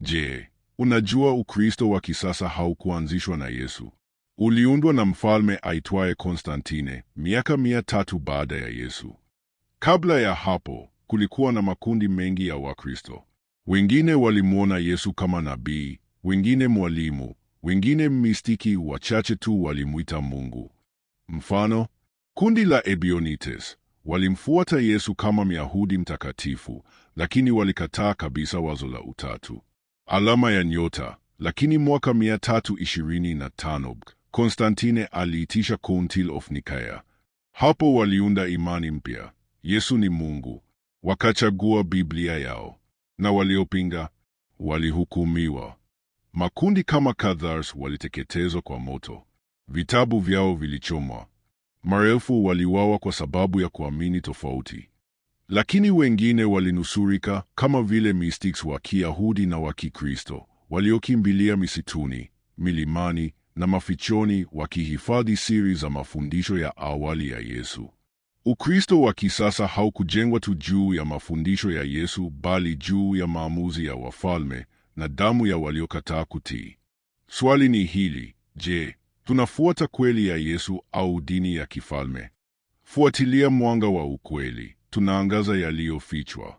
Je, unajua Ukristo wa kisasa haukuanzishwa na Yesu? Uliundwa na mfalme aitwaye Konstantine miaka mia tatu baada ya Yesu. Kabla ya hapo kulikuwa na makundi mengi ya Wakristo. Wengine walimwona Yesu kama nabii, wengine mwalimu, wengine mistiki, wachache tu walimwita Mungu. Mfano, kundi la Ebionites walimfuata Yesu kama Myahudi mtakatifu, lakini walikataa kabisa wazo la utatu alama ya nyota. Lakini mwaka 325 Konstantine aliitisha Council of Nikaya. Hapo waliunda imani mpya, Yesu ni Mungu. Wakachagua Biblia yao, na waliopinga walihukumiwa. Makundi kama Cathars waliteketezwa kwa moto, vitabu vyao vilichomwa, maelfu waliuawa kwa sababu ya kuamini tofauti. Lakini wengine walinusurika kama vile mystics wa Kiyahudi na wa Kikristo waliokimbilia misituni, milimani na mafichoni wakihifadhi siri za mafundisho ya awali ya Yesu. Ukristo wa kisasa haukujengwa tu juu ya mafundisho ya Yesu bali juu ya maamuzi ya wafalme na damu ya waliokataa kutii. Swali ni hili, je, tunafuata kweli ya Yesu au dini ya kifalme? Fuatilia mwanga wa ukweli tunaangaza yaliyofichwa.